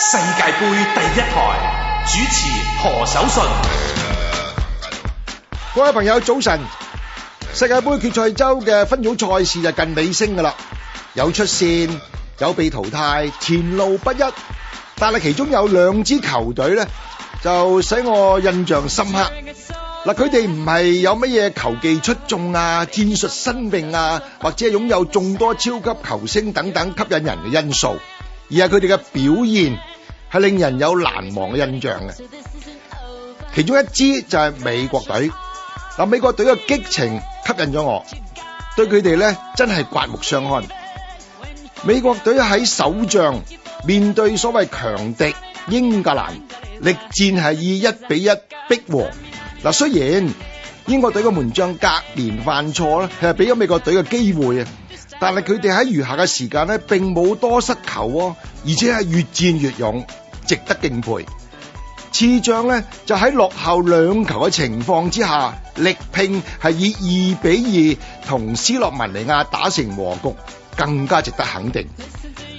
世界盃第一台主持何守信，各位朋友早晨，世界盃決賽周嘅分組賽事就近尾聲噶啦，有出線，有被淘汰，前路不一。但係其中有兩支球隊咧，就使我印象深刻。嗱，佢哋唔係有乜嘢球技出眾啊、戰術生命啊，或者係擁有眾多超級球星等等吸引人嘅因素。而係佢哋嘅表現係令人有難忘嘅印象嘅，其中一支就係美國隊。嗱，美國隊嘅激情吸引咗我，對佢哋咧真係刮目相看。美國隊喺首仗面對所謂強敵英格蘭，力戰係以一比一逼和。嗱，雖然英國隊嘅門將格連犯錯咧，係俾咗美國隊嘅機會啊！但係佢哋喺餘下嘅時間咧，並冇多失球，而且係越戰越勇，值得敬佩。次仗咧就喺落後兩球嘅情況之下，力拼係以二比二同斯洛文尼亞打成和局，更加值得肯定。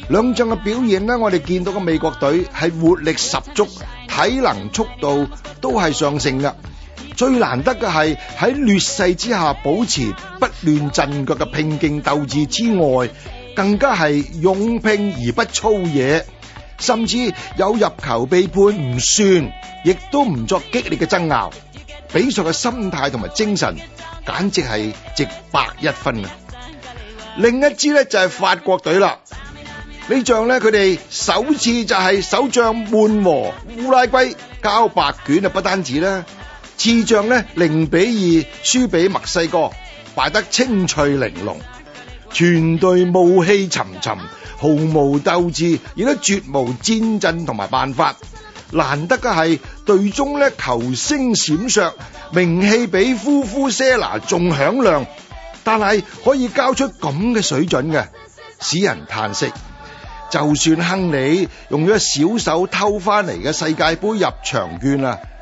兩仗嘅表現咧，我哋見到個美國隊係活力十足，體能、速度都係上升噶。最難得嘅係喺劣勢之下保持不亂陣腳嘅拼勁鬥志之外，更加係勇拼而不粗野，甚至有入球被判唔算，亦都唔作激烈嘅爭拗，比賽嘅心態同埋精神簡直係值百一分。智將呢，零比二輸俾墨西哥，敗得清脆玲瓏，全隊霧氣沉沉，毫無鬥志，亦都絕無戰陣同埋辦法。難得嘅係隊中呢，球星閃爍，名氣比嗚嗚祖拉仲響亮，但係可以交出咁嘅水準嘅，使人嘆息。就算亨利用咗小手偷翻嚟嘅世界杯入場券啊！